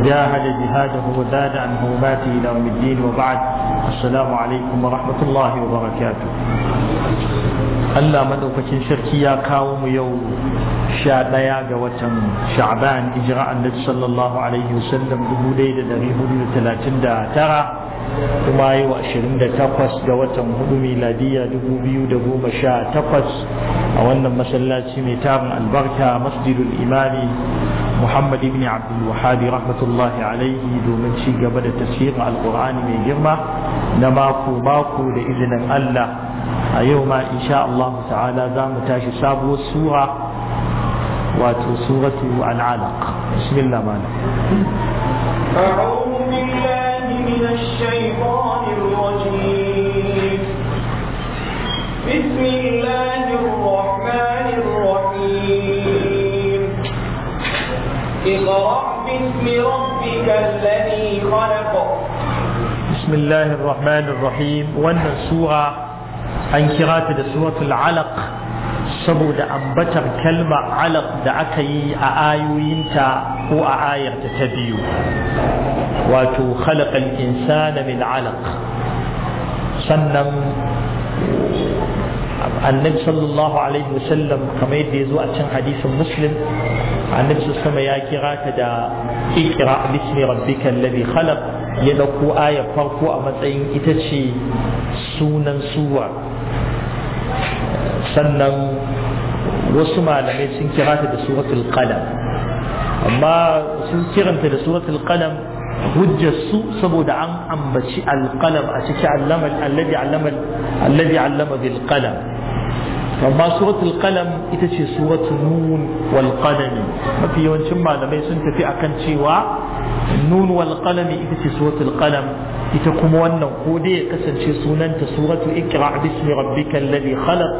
جاهد جهاده وزاد عن هرماته الى يوم الدين وبعد السلام عليكم ورحمه الله وبركاته. Allah madaukakin sarki ya kawo mu yau sha ɗaya ga watan sha'ban ijira annabi sallallahu alaihi wasallam dubu ɗaya da hudu da talatin da tara kuma yau 28 ga watan hudu miladiya 2018 a wannan masallaci mai tarin albarka masjidul imami muhammad ibn abdul wahabi rahmatullahi alaihi domin ci gaba da tafsirin alkur'ani mai girma na mako mako da izinin allah a yau ma insha Allah ta'ala za mu tashi sabuwar sura wato suratu al'alaq bismillah malam أعوذ بالله من الشيطان بسم الله الرحمن الرحيم وانا سورة عن كراءة سورة العلق سبود أن بتر كلمة علق دعكي أآيو ينتا هو أآي تتبيو واتو خلق الإنسان من علق سنم annabi sallallahu alaihi wasallam kamar yadda ya zo a cin hadisin muslim annabi sama ya kira ka da ikra bismi rabbika alladhi khalaq ya dauko aya farko a matsayin ita ce sunan suwa sannan wasu malamai sun kira ta da suratul qalam amma sun kiranta da suratul qalam hujjar su saboda an ambaci alƙalam a cikin allama alladhi allama alladhi allama amma suratul qalam ita ce suratul nun wal mafi yawancin malamai sun tafi akan cewa nun wal qalami ita ce suratul qalam ita kuma wannan ko dai ya kasance sunanta suratul iqra bismi rabbikal ladhi khalaq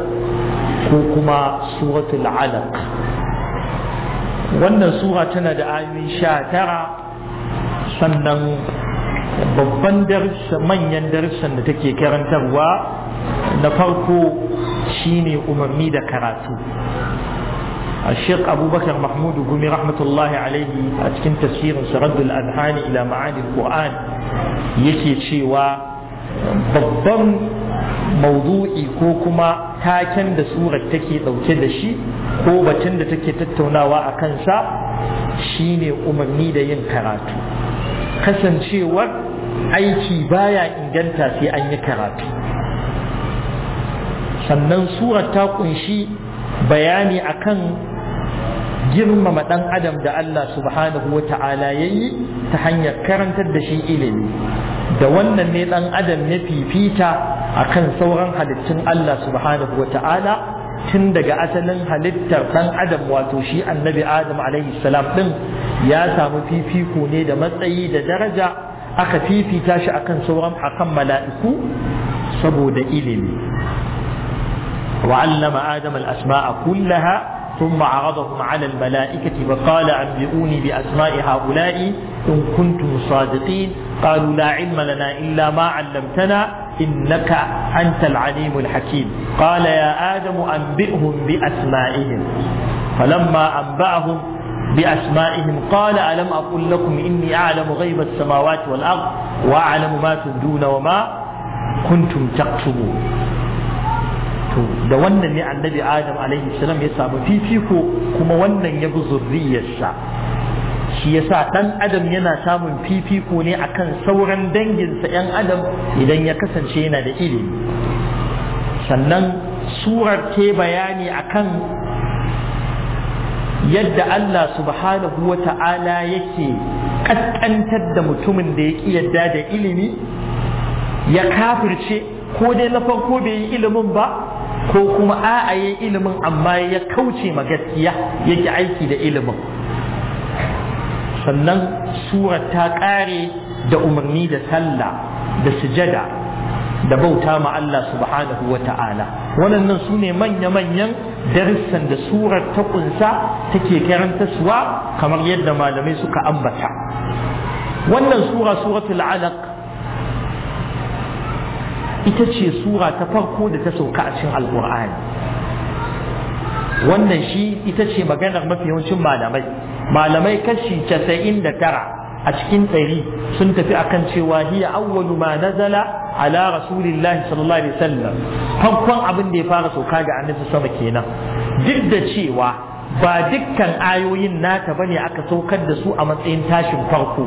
ko kuma suratul alaq wannan sura tana da ayoyi sha tara sannan babban darussa manyan darussan da take karantarwa na farko shine umarni da karatu a shek abubakar mahmudu gumi rahmatullahi alaihi a cikin تفسير سرد الأذهان ila معاني القرآن يكي cewa babban maudu'i ko kuma taken da surar take ɗauke da shi ko batun da take tattaunawa a kansa shine umarni da yin karatu kasancewar aiki baya inganta sai an yi karatu sannan surar ta kunshi bayani akan girmama ɗan adam da Allah subhanahu wa ta'ala ya yi ta hanyar karantar da shi ilimi da wannan ne ɗan adam ya fifita akan sauran halittun Allah subhanahu wa ta'ala tun daga asalin halittar ɗan adam wato shi annabi adam alaihi salam ɗin ya samu fifiko ne da matsayi da daraja aka fifita shi akan sauran akan mala'iku saboda ilimi وعلم آدم الأسماء كلها ثم عرضهم على الملائكة فقال أنبئوني بأسماء هؤلاء إن كنتم صادقين قالوا لا علم لنا إلا ما علمتنا إنك أنت العليم الحكيم قال يا آدم أنبئهم بأسمائهم فلما أنبأهم بأسمائهم قال ألم أقل لكم إني أعلم غيب السماوات والأرض وأعلم ما تبدون وما كنتم تكتبون da wannan ne annabi adam alaihi salam ya samu fifiko kuma wannan ya bi zurriyarsa shi yasa dan adam yana samun fifiko ne akan sauran danginsa yan adam idan ya kasance yana da ilimi sannan surar ke bayani akan yadda Allah subhanahu wa ta'ala yake ƙasƙantar da mutumin da ya ƙi yadda da ilimi ya kafirce ko dai na farko bai yi ilimin ba ko kuma a'a ilimin amma ya kauce ma gaskiya yake aiki da ilimin sannan surar ta ƙare da umarni da sallah da sujada da bauta ma Allah subhanahu wa ta'ala waɗannan su ne manya-manyan darussan da surar ta kunsa take karanta suwa kamar yadda malamai suka ambata wannan sura suratul alaq ita ce sura ta farko da ta sauka a cikin alkur'ani wannan shi ita ce maganar mafi yawancin malamai malamai kashi casa'in da tara a cikin ɗari sun tafi akan cewa hiya awwalu ma nazala ala rasulillahi sallallahu alaihi wasallam farkon abin da ya fara sauka ga annabi sama kenan duk da cewa ba dukkan ayoyin nata bane aka saukar da su a matsayin tashin farko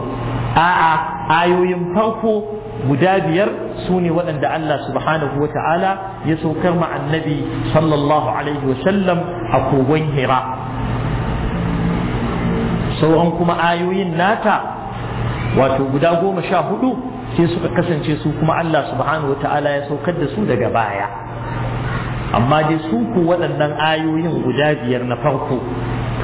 a'a ayoyin farko guda biyar su ne waɗanda Allah subhanahu wa ta'ala ya saukar ma sallallahu alaihi wa sallam a kogon hira sauran kuma ayoyin nata wato guda goma sha hudu sai suka kasance su kuma Allah subhanahu wa ta'ala ya saukar da su daga baya amma dai su ku waɗannan ayoyin guda biyar na farko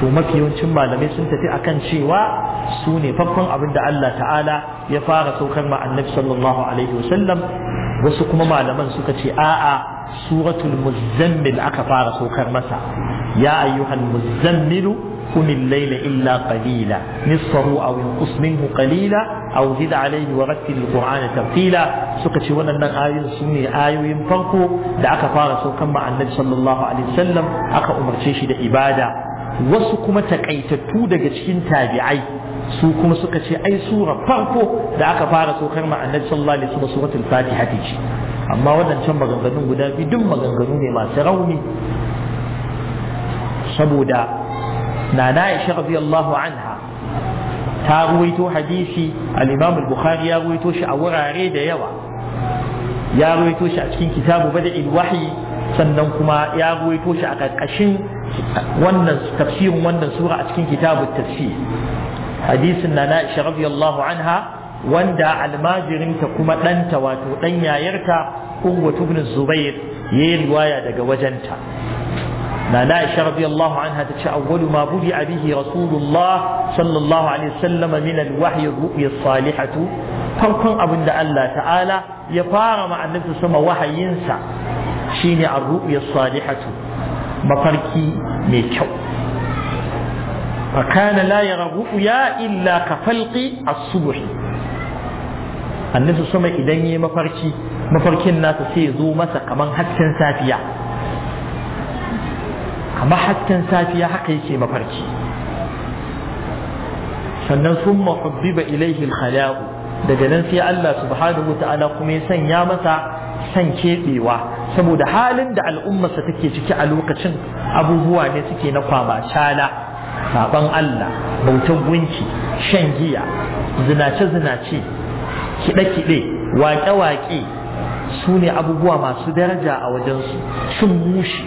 to mafi yawancin malamai sun tafi akan cewa su faffan abin da Allah ta'ala ya fara saukar ma sallallahu alaihi wasallam wasu kuma malaman suka ce a'a suratul muzammil aka fara saukar masa ya ayyuhal muzammilu kun layla illa qalila nisfahu aw inqus minhu qalila aw zid alayhi wa rattil qur'ana tartila suka ce wannan ayoyin su ne ayoyin farko da aka fara saukar ma sallallahu alaihi wasallam aka umarce shi da ibada wasu kuma takaitattu daga cikin tabi'ai su kuma suka ce ai sura farko da aka fara sokar ma annabi sallallahu alaihi wasallam suratul fatiha ce amma wadancan maganganun guda biyu duk maganganu ne masu rauni saboda nana Aisha radiyallahu anha ta ruwaito hadisi al-Imam al-Bukhari ya ruwaito shi a wurare da yawa ya ruwaito shi a cikin kitabu bada'il wahyi sannan kuma ya ruwaito shi a karkashin wannan tafsirin wannan sura a cikin kitabu tafsir hadisin na na radiyallahu anha wanda almajirinta kuma ɗanta wato ɗan yayarta Urwatu ibn Zubair yayi riwaya daga wajenta na na Aisha radiyallahu anha ta ce awwalu ma bubi abihi Rasulullah sallallahu alaihi wasallam min al-wahyi ru'ya salihatu farkon abin da Allah ta'ala ya fara ma annabi sama wahayinsa shine ar-ru'ya salihatu mafarki mai kyau fakana la yara uya illa ka falqi as-subh annabi sama idan yayi mafarki mafarkin nasa sai zo masa kaman hasken safiya kamar hasken safiya haka yake mafarki sannan sun mahubbiba ilaihi al daga nan sai Allah subhanahu wa ta'ala kuma ya sanya masa san keɓewa saboda halin da al'ummarsa take ciki a lokacin abubuwa ne suke na kwama cala saban Allah bautan gunki shan giya zinace-zinace kiɗe-kiɗe waƙe-waƙe su abubuwa masu daraja a wajensu sun mushi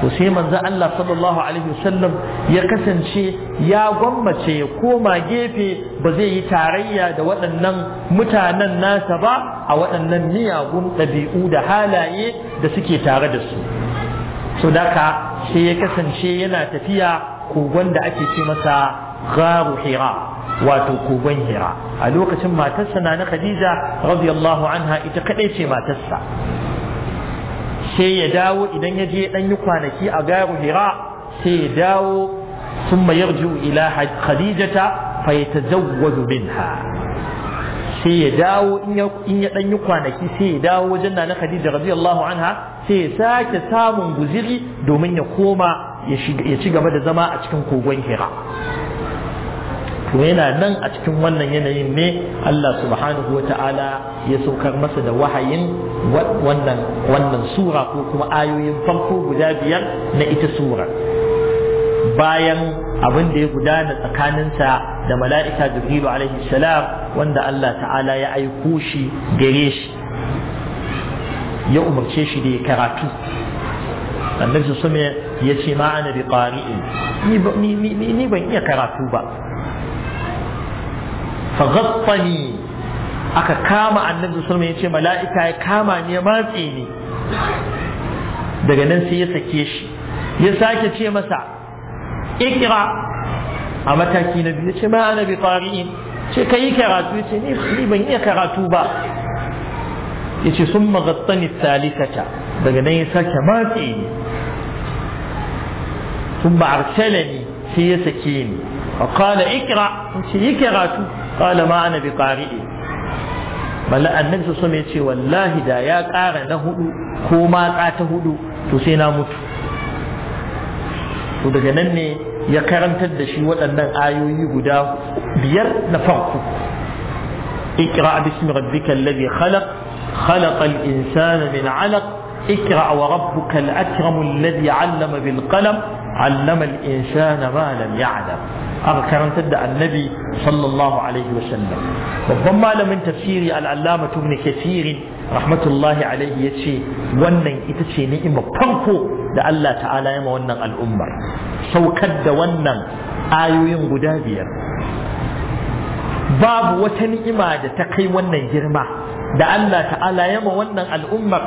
to sai manzo Allah sallallahu alaihi wasallam ya kasance ya gwammace ya koma gefe ba zai yi tarayya da waɗannan mutanen nasa ba a waɗannan miyagun ɗabi'u da halaye da suke tare da su so daka sai ya kasance yana tafiya kogon da ake ce masa gharu hira wato kogon hira a lokacin matarsa na na khadija radiyallahu anha ita kadai ce matarsa sai ya dawo idan ya je dan yi kwanaki a gharu hira sai ya dawo ثم khadijata fa ya فيتزوج minha sai ya dawo in ya ɗanyi kwanaki sai ya dawo wajen na Khadija radiyallahu anha sai ya sake samun guziri domin ya koma ya ci gaba da zama a cikin kogon hira to yana nan a cikin wannan yanayin ne Allah subhanahu wa ta'ala ya saukar masa da wahayin wannan wannan sura ko kuma ayoyin farko guda biyar na ita sura bayan abin da ya gudana tsakaninsa da mala'ika jibrilu alaihi salam wanda Allah ta'ala ya aiko shi gare shi ya umarce shi da ya karatu annabi sume ya ce ma ana bi qari'in ni ban iya karatu ba fa ghattani aka kama annabi sume ya ce mala'ika ya kama ni ya matse ni daga nan sai ya sake shi ya sake ce masa ikra a mataki na biyu ya ce ma ana bi qari'in ce ka yi karatu ya ce ni ban iya karatu ba ya ce sun magattani salisata daga nan ya sake matse ni sun ba arsala ni sai ya sake ni a kala ikira ya ce yi karatu kala ma ana bi ƙari'i bala annabi su ya ce wallahi da ya ƙara na hudu ko matsa ta hudu to sai na mutu to daga nan ne ya karantar da shi waɗannan ayoyi guda biyar na farko bismi rabbika khalaq اقرأ al-insana min 'alaq ikra wa rabbuka al-akram وربك 'allama bil qalam 'allama al-insana ma lam ya'lam aka karantar da annabi sallallahu alaihi wasallam babban malamin tafsiri al-allama ibn kathir rahmatullahi alaihi yace wannan ita ce ni'imar farko da Allah ta'ala ya ma wannan al'ummar saukar da wannan ayoyin guda biyar babu wata ni'ima da ta kai wannan girma da Allah ta'ala ya ma wannan al'ummar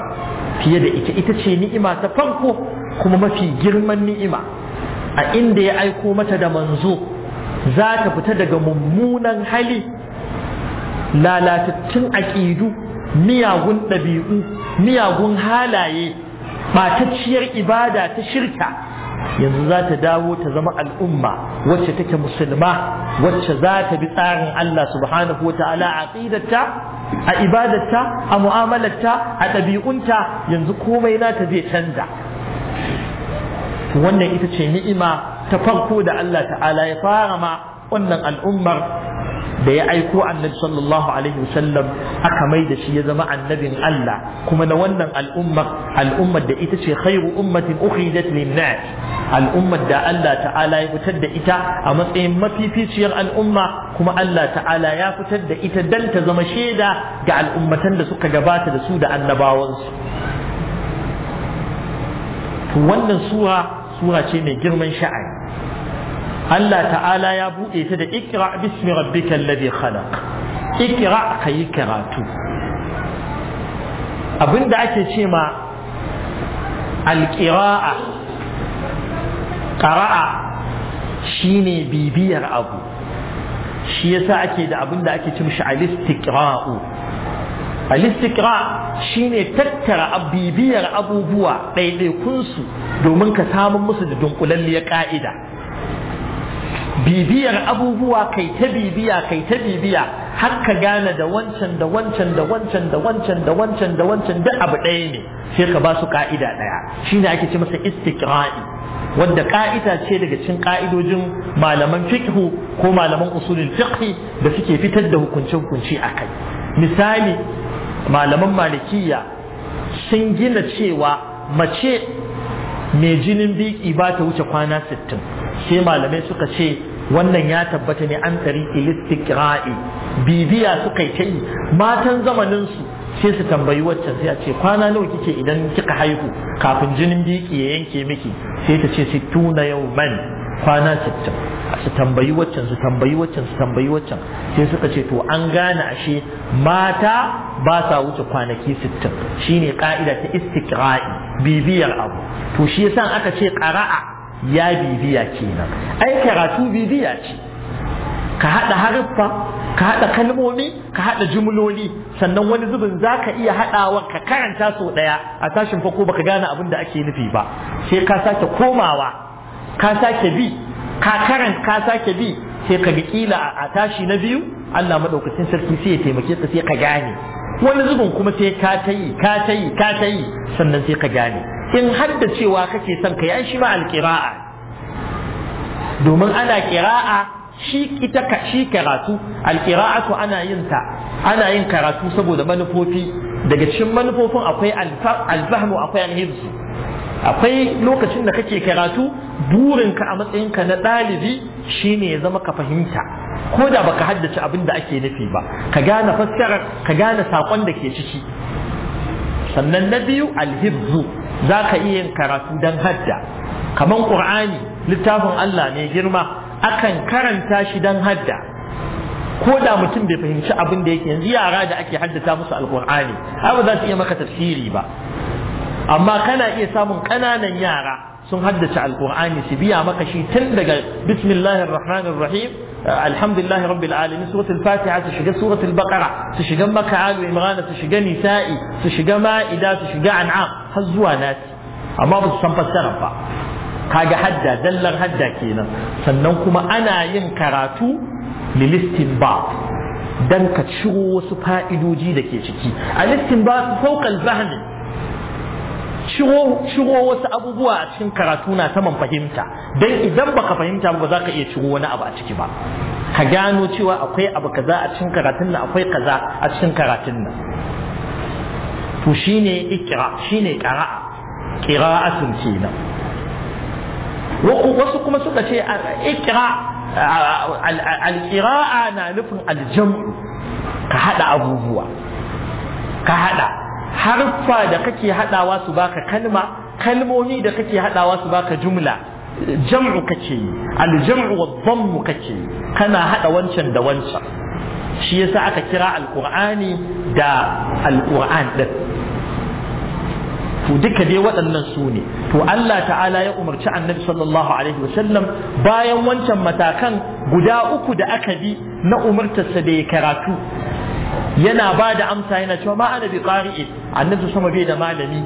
fiye da ita ita ce ni'ima ta farko kuma mafi girman ni'ima a inda ya aiko mata da manzo za ta fita daga mummunan hali lalatattun aƙidu miyagun ɗabi'u miyagun halaye matacciyar ibada ta shirka yanzu za ta dawo ta zama al'umma wacce take musulma wacce za ta bi tsarin Allah subhanahu wa ta'ala a aqidarta a ibadarta a mu'amalarta a ɗabi'unta yanzu komai nata zai canza wannan ita ce ni'ima ta farko da Allah ta'ala ya fara ma wannan al'ummar da ya aiko annabi sallallahu alaihi wasallam aka mai da shi ya zama annabin Allah kuma na wannan al'umma al'ummar da ita ce khairu ummatin ukhrijat lin-nas al'ummar da Allah ta'ala ya fitar da ita a matsayin mafificiyar al'umma kuma Allah ta'ala ya fitar da ita dan ta zama shaida ga al'ummatan da suka gabata da su da annabawansu wannan sura sura ce mai girman sha'ani Allah ta'ala ya buɗe ta da Ikira, bismi rabbika alladhi khalaq ikra kai karatu abinda ake ce ma alqira'a qara'a shine bibiyar abu shi yasa ake da abinda ake ce mishi alistiqra'u alistiqra shine tattara bibiyar abubuwa ɗaiɗaikunsu domin ka samun musu da dunkulalliyar ƙa'ida bibiyar abubuwa kai ta bibiya kai ta bibiya har ka gane da wancan da wancan da wancan da wancan da wancan da wancan duk abu ɗaya ne sai ka ba su ka'ida ɗaya shine ake ce masa istiqra'i wanda ka'ida ce daga cikin ka'idojin malaman fiqhu ko malaman usulul fiqhi da suke fitar da hukunce hukunci akai misali malaman malikiya sun gina cewa mace mai jinin biki ba ta wuce kwana sittin sai malamai suka ce wannan ya tabbata ne an tsari istiqra'i bibiya suka yi matan zamanin su sai su tambayi waccan sai a ce kwana nawa kike idan kika haihu kafin jinin biki ya yanke miki sai ta ce yau yawman kwana sittin su tambayi waccan su tambayi waccan su tambayi waccan sai suka ce to an gane ashe mata ba sa wuce kwanaki sittin shine ka'ida ta istiqra'i bibiyar abu to shi yasa aka ce qara'a ya bibiya kenan ai karatu bibiya ce ka haɗa haruffa ka haɗa kalmomi ka haɗa jumloli sannan wani zubin za ka iya haɗawa ka karanta sau ɗaya a tashin ko baka gane abin da ake nufi ba sai ka sake komawa ka sake bi ka karanta ka sake bi sai ka ga kila a tashi na biyu Allah madaukakin sarki sai ya taimake ka sai ka gane wani zubin kuma sai ka ta ka ta ka ta sannan sai ka gane in haddacewa kake son ka yi shi ma alƙira'a domin ana ƙira'a shi ita ka shi karatu to ana yin ta ana yin karatu saboda manufofi daga cikin manufofin akwai alfahmu akwai alhibsu akwai lokacin da kake karatu burinka a matsayinka na ɗalibi shine ya zama ka fahimta ko da baka haddace abin da ake nufi ba ka gane fassara ka gane saƙon da ke ciki sannan na biyu alhibzu za ka iya yin karatu don hadda kamar ƙur'ani littafin Allah ne girma akan karanta shi don hadda ko da mutum bai fahimci abin da yake yanzu yara da ake haddata musu alƙur'ani har ba za su iya maka tafsiri ba amma kana iya samun ƙananan yara sun haddace alkur'ani su biya maka shi tun daga bismillahir rahmanir rahim eh, alhamdulillahi rabbil alamin suratul fatiha su shiga suratul baqara su shiga maka alu imran su shiga nisa'i su shiga ma'ida su shiga an'am har zuwa nati. amma ba su san fassara ba kaga hadda dallar hadda kenan sannan kuma ana yin karatu ba. dan ka ciro wasu fa'idoji da ke ciki a listinbat fawqa al-fahmi ciro wasu abubuwa a cikin karatu na saman fahimta don idan baka fahimta ba za ka iya ciro wani abu a ciki ba ka gano cewa akwai abu kaza a cikin karatun nan akwai kaza a cikin karatun nan to shine ikra shine qira'a qira'atun kenan wasu kuma suka ce ikra al-qira'a na nufin al-jam'u ka hada abubuwa ka hada harfa da kake haɗawa su baka kalma kalmomi da kake hadawa su baka jumla jam'u kake yi Aljam'u wa dhammu kake yi kana haɗa wancan da wancan shi yasa aka kira al da al-qur'an din to duka dai waɗannan su ne to Allah ta'ala ya umarci annabi sallallahu alaihi wasallam bayan wancan matakan guda uku da aka bi na umartarsa da ya karatu yana ba da amsa yana cewa ma ana bi qari'in annabi sama bai da malami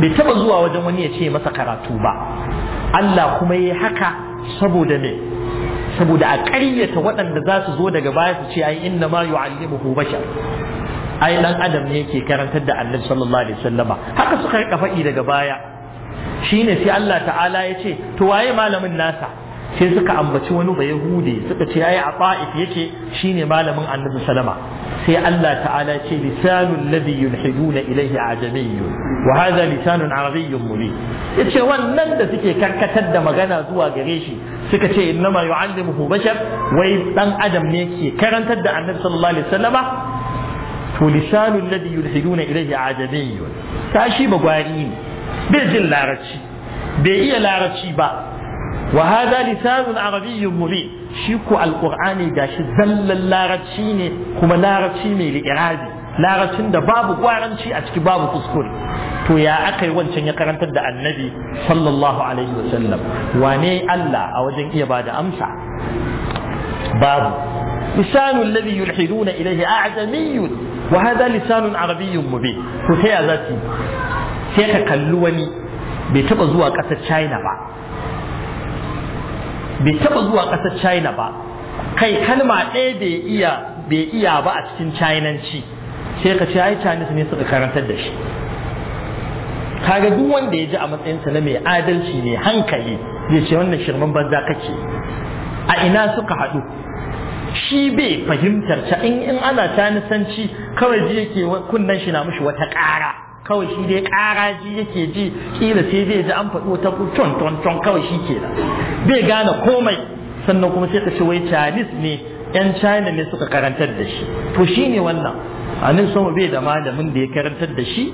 bai taɓa zuwa wajen wani ya ce masa karatu ba Allah kuma yi haka saboda me saboda a ƙaryata waɗanda za su zo daga baya su ce ai inna ma yu'allimuhu bashar ai dan adam ne yake karantar da annabi sallallahu alaihi wasallama haka suka rika faɗi daga baya shine sai Allah ta'ala ya ce to waye malamin nasa sai suka ambaci wani ba yahudi suka ce yayi a ta'if yake shine malamin annabi salama sai Allah ta'ala ce lisanul ladhi yulhiduna ilayhi ajamiyyun wa hadha lisanun arabiyyun mubin yace wannan da suke karkatar da magana zuwa gare shi suka ce innama yu'allimuhu bashar wai dan adam ne ke karantar da annabi sallallahu alaihi wasallama to lisanul ladhi yulhiduna ilayhi ajamiyyun tashi bagwari ne bai jin larabci bai iya larabci ba wa hadha lisanun arabiyyun mubin shi ko alqur'ani gashi zallan larabci ne kuma larabci mai li'irabi Laracin da babu gwaranci a ciki babu kuskure to ya aka wancan ya karantar da annabi sallallahu alaihi wasallam wane Allah a wajen iya bada amsa babu lisanu alladhi yulhiduna ilayhi a'jamiyyu wa hadha lisanun arabiyyun mubin to sai zati sai ka kalli wani bai taɓa zuwa ƙasar China ba bai taba zuwa ƙasar china ba kai kalma ɗaya bai iya bai iya ba a cikin chinanci sai ka ce ai chinese ne suka karantar da shi kaga duk wanda ya ji a matsayinsa na mai adalci ne hankali zai ce wannan shirman banza kake a ina suka haɗu shi bai fahimtar ta in ana ta nisanci kawai ji yake kunnen shi na mushi wata ƙara kawai shi dai karaji yake ji kila sai zai ji an faɗi wata ton ton ton kawai shi ke da. bai gane komai sannan kuma sai ka ce wai Chinese ne yan China ne suka karantar da shi to shi ne wannan anin sama bai da malamin da ya karantar da shi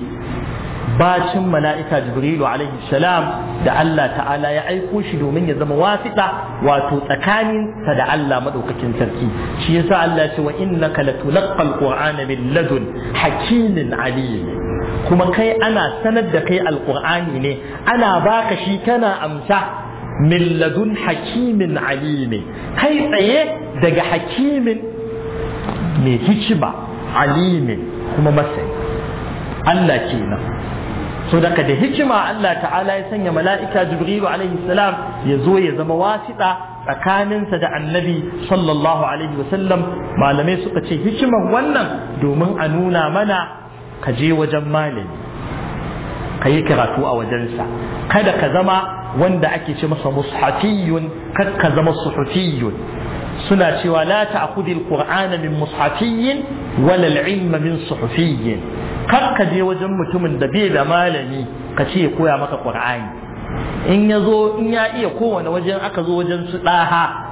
bacin mala'ika jibrilu alaihi salam da Allah ta'ala ya aiko shi domin ya zama wasiƙa wato tsakanin sa da Allah madaukakin sarki shi yasa Allah ce wa innaka latulaqqal qur'ana min ladun hakimin alim kuma kai ana sanar da kai alqur'ani ne ana baka shi kana amsa min ladun hakimin alimi kai tsaye daga hakimin mai hikima alimin kuma masai Allah kenan so daga da hikima Allah ta'ala ya sanya mala'ika jibrilu alaihi salam ya zo ya zama wasiɗa tsakaninsa da annabi sallallahu alaihi wasallam malamai suka ce hikimar wannan domin a nuna mana ka je wajen malami ka yi karatu a wajensa kada ka zama wanda ake ce masa mushafiyun kar ka zama suhufiyun suna cewa la ta'khudil qur'ana min mushafiyyin wala al-ilma min suhufiyyin kar ka je wajen mutumin da bai da malami ka ce koya maka qur'ani in ya zo in ya iya kowane wajen aka zo wajen su ɗaha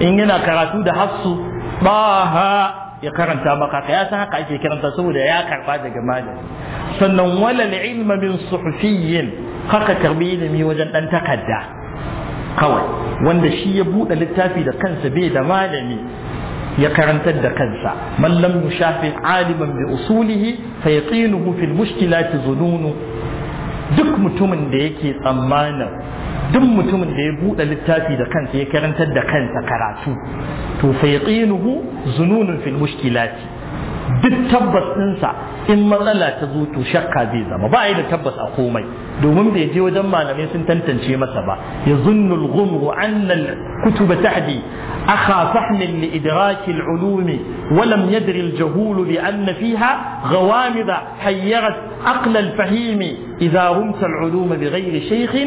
in yana karatu da hafsu baha ya karanta maka ka ya san haka ake karanta saboda ya karba daga malam sannan walal ilma min suhufiyyin haka karbi ilimi wajen dan takarda kawai wanda shi ya buɗe littafi da kansa bai da malami ya karantar da kansa man lam yushafi aliman bi usulihi fa yatinuhu fil mushkilati zununu duk mutumin da yake tsammanin duk mutumin da ya buɗe littafi da kansa ya karantar da kansa karatu to fayqinuhu zununun fil mushkilati duk tabbas ɗinsa in matsala ta zo to shakka zai zama ba yi da tabbas a komai domin bai je wajen malamai sun tantance masa ba ya zunnu al-ghumru anna al-kutuba tahdi akha fahm li idrak al-ulum wa lam yadri al-jahul bi anna fiha ghawamid hayyarat aql al-fahim idha rumta al-ulum bi ghayri shaykh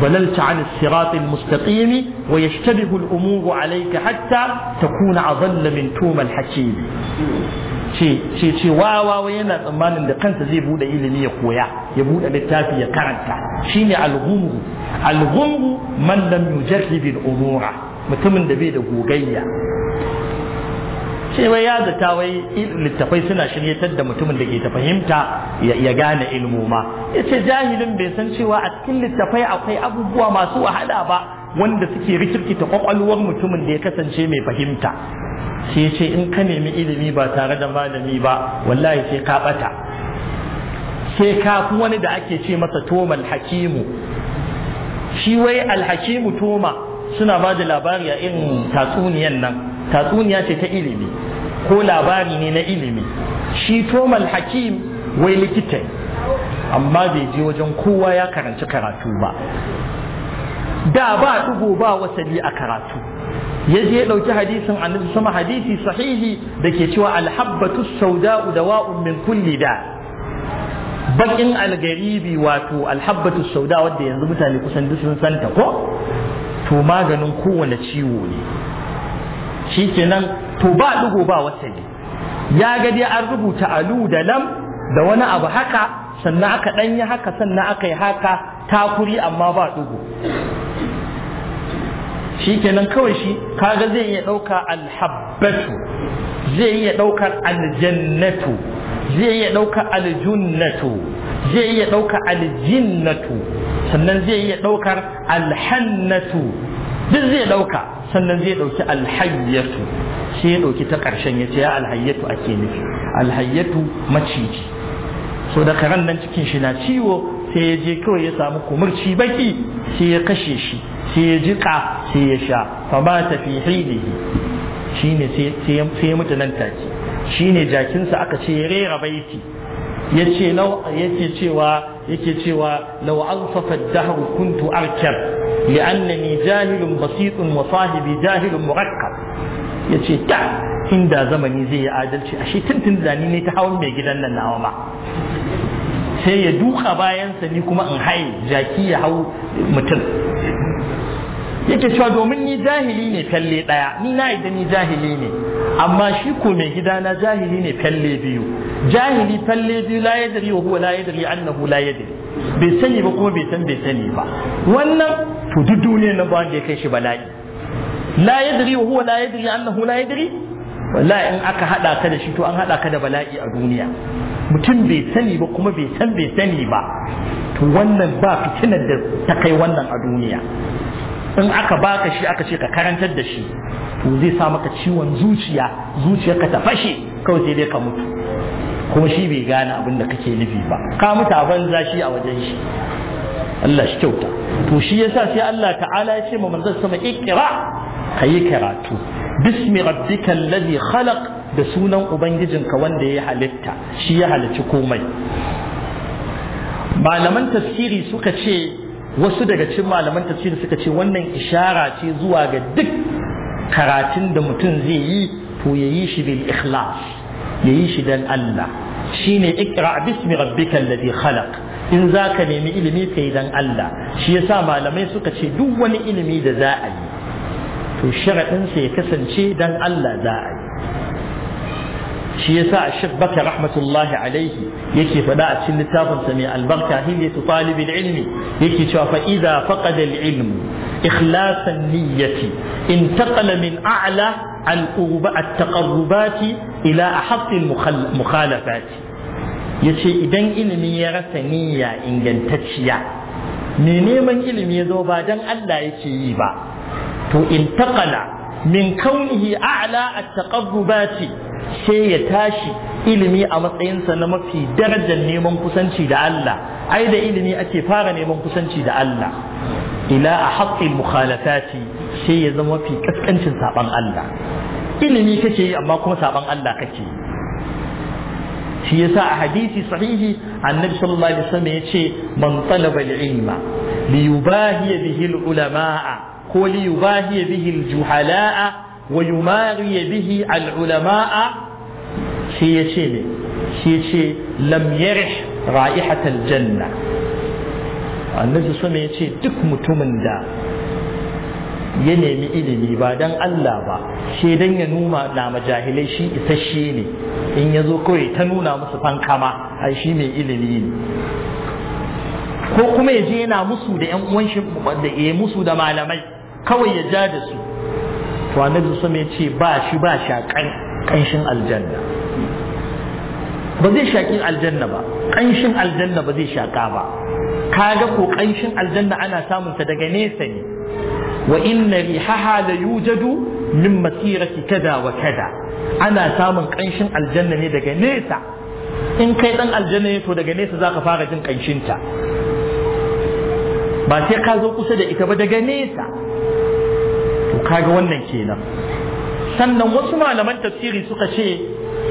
ضللت عن الصراط المستقيم ويشتبه الأمور عليك حتى تكون أضل من توم الحكيم ce ce wawa wai yana tsammanin da kansa zai buɗe ilimi ya koya ya buɗe littafi ya karanta shine alghumru alghumru man lam yujarrib al-umura mutumin da bai da gogayya ce wai ya zata wai littafai suna shiryatar da mutumin da ke ta fahimta ya gane ilmu ma ya ce jahilin bai san cewa a cikin littafai akwai abubuwa masu wahala ba wanda suke rikirkita kwakwalwar mutumin da ya kasance mai fahimta sai ce in ka nemi ilimi ba tare da malami ba wallahi sai ka bata sai ka fi wani da ake ce masa tomal hakimu shi wai alhakimu toma suna ba da labari a irin tatsuniyan nan tatsuniya ce ta ilimi ko labari ne na ilimi shi tomal hakim wai likita amma bai je wajen kowa ya karanci karatu ba da ba ɗigo ba wasali a karatu ya je ɗauki hadisin annabi sama hadisi sahihi da ke cewa alhabbatu sauda'u dawa'un min kulli da' bakin algaribi wato alhabbatu sauda wadda yanzu mutane kusan duk sun santa ko to maganin kowane ciwo ne shikenan to ba dugo ba ne. ya ga dai an rubuta alu da lam da wani abu haka sannan aka ɗanyi haka sannan aka yi haka takuri amma ba dugo shikenan kawai shi kaga zai iya ɗauka alhabbatu zai iya ɗaukar aljannatu zai iya ɗaukar aljunnatu zai iya ɗaukar aljinnatu sannan zai iya ɗaukar alhannatu duk zai ɗauka sannan zai ɗauki alhayyatu sai ya ɗauki ta ƙarshen ya ce ya alhayyatu ake nufi alhayyatu maciji so da karen nan cikin shi na ciwo sai ya je kawai ya samu kumurci baki sai ya kashe shi sai ya jiƙa sai ya sha fa ba ta fi hidihi shine sai ya mutu nan take ne jakinsa aka ce ya rera baiti yace law cewa yake cewa law ansafa ad kuntu arkab li'annani jahilun basitun wa sahibi jahilun murakkab yace ta inda zamani zai yi adalci ashe tuntun zani ne ta hawan mai gidan nan nawa ma sai ya duka bayansa ni kuma in haye jaki ya hau mutum yake cewa domin ni jahili ne falle ɗaya ni na idan ni jahili ne amma shi ko mai gidana jahili ne falle biyu jahili falle biyu la yadri wa huwa la yadri annahu la yadri bai sani ba kuma bai san bai sani ba wannan to duk duniyar nan ba wanda ya kai shi bala'i la yadri wa huwa la yadri annahu la yadri wallahi in aka hada ka da shi to an hada ka da bala'i a duniya mutum bai sani ba kuma bai san bai sani ba to wannan ba fitinar da ta kai wannan a duniya in aka baka shi aka ce ka karantar da shi to zai sa maka ciwon zuciya zuciyarka ta fashe kawai sai dai ka mutu kuma shi bai gane abin da kake nufi ba ka mutu a banza shi a wajen shi Allah shi kyauta to shi yasa sai Allah ta'ala ya ce ma manzon sama ikra kayi karatu bismi rabbika ladhi khalaq da sunan ubangijinka wanda ya halitta shi ya halicci komai malaman tafsiri suka ce wasu daga cikin malaman tafsiri suka ce wannan ishara ce zuwa ga duk karatun da mutum zai yi to yayi yi shi bil ikhlas yayi shi dan Allah shine ikra bismi rabbikal ladhi khalaq in zaka nemi ilimi kai dan Allah shi yasa malamai suka ce duk wani ilimi da za a yi to sa ya kasance dan Allah za a yi shi yasa Sheikh baka rahmatullahi alaihi yake faɗa a cikin littafinsa mai albarka hilyatu talibil ilmi yake cewa fa idza faqada al ilm ikhlasan niyyati intaqala min a'la al taqarrubati ila ahaqqil mukhalafati yace idan ilimi ya rasa niyya ingantacciya me neman ilimi ya zo ba dan Allah ya ce yi ba to in intaqala min kaunihi a'la at baci sai ya tashi ilimi a matsayinsa na mafi darajar neman kusanci da Allah ai da ilimi ake fara neman kusanci da Allah ila a haƙƙin mukhalafati sai ya zama mafi ƙasƙancin saɓan Allah ilimi kake yi amma kuma saban Allah kake shi yasa a hadisi sahihi annabi sallallahu alaihi wasallam yace man talaba al-ilma li yubahi bihi al-ulama ko li yubahi bihi al-juhala wa yumari bihi al ulama'a. shi yace ne shi yace lam yarih ra'ihat janna annabi sallallahu alaihi wasallam yace duk mutumin da ya nemi ilimi ba don Allah ba shi don ya nuna na majahilai shi isasshe ne in ya zo kawai ta nuna musu fankama a shi mai ilimi ne ko kuma ya je yana musu da 'yan uwan shi da ya musu da malamai kawai ya ja da su to annabi sun ya ce ba shi ba shakan kanshin aljanna ba zai shaki aljanna ba kanshin aljanna ba zai shaka ba kaga ko kanshin aljanna ana samun daga nesa ne wa inna rihaha la yujadu min masirati kada wa kada ana samun kanshin aljanna ne daga nesa in kai dan aljanna to daga nesa zaka fara jin kanshinta ba sai ka zo kusa da ita ba daga nesa to kaga wannan kenan sannan wasu malaman tafsiri suka ce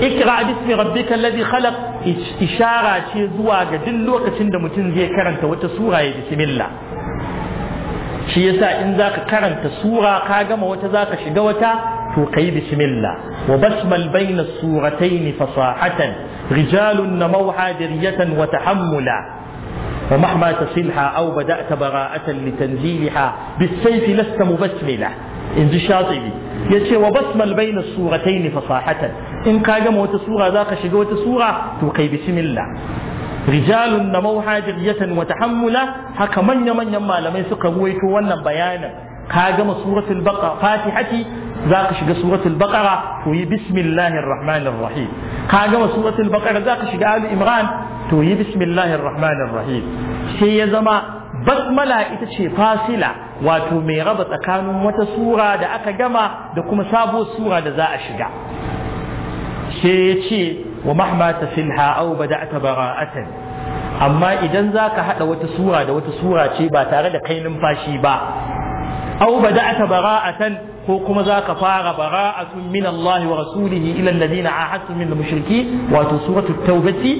ikra bismi rabbika alladhi khalaq ishara ce zuwa ga duk lokacin da mutum zai karanta wata sura ya bismillah shi yasa in zaka karanta sura ka gama wata zaka shiga wata to kai bismillah wa basmal bayna suratayn fasahatan rijalun namawha diriyatan wa tahammula ومهما تصلها أو بدأت براءة لتنزيلها بالسيف لست مبسملة إن ذي شاطبي يتشي وبسمل بين السورتين فصاحة إن قاقم وتسورة ذاك شقوة سورة توقي بسم الله rijalun da mauhajiriyatan wa tahammula haka manya manyan malamai suka ruwaito wannan bayanin ka gama suratul baqara fatihati zaka shiga suratul baqara to yi bismillahir rahmanir rahim ka gama suratul baqara ka shiga ali imran to yi bismillahir rahmanir rahim sai ya zama basmala ita ce fasila wato mai raba tsakanin wata sura da aka gama da kuma sabuwar sura da za a shiga sai ya ce wa mahma tasilha aw bada'ta bara'atan amma idan zaka haɗa wata sura da wata sura ce ba tare da kai numfashi ba aw bada'ta bara'atan ko kuma zaka fara bara'atun min Allah wa rasulihi ila alladhina ahadtu min wato suratu at-taubati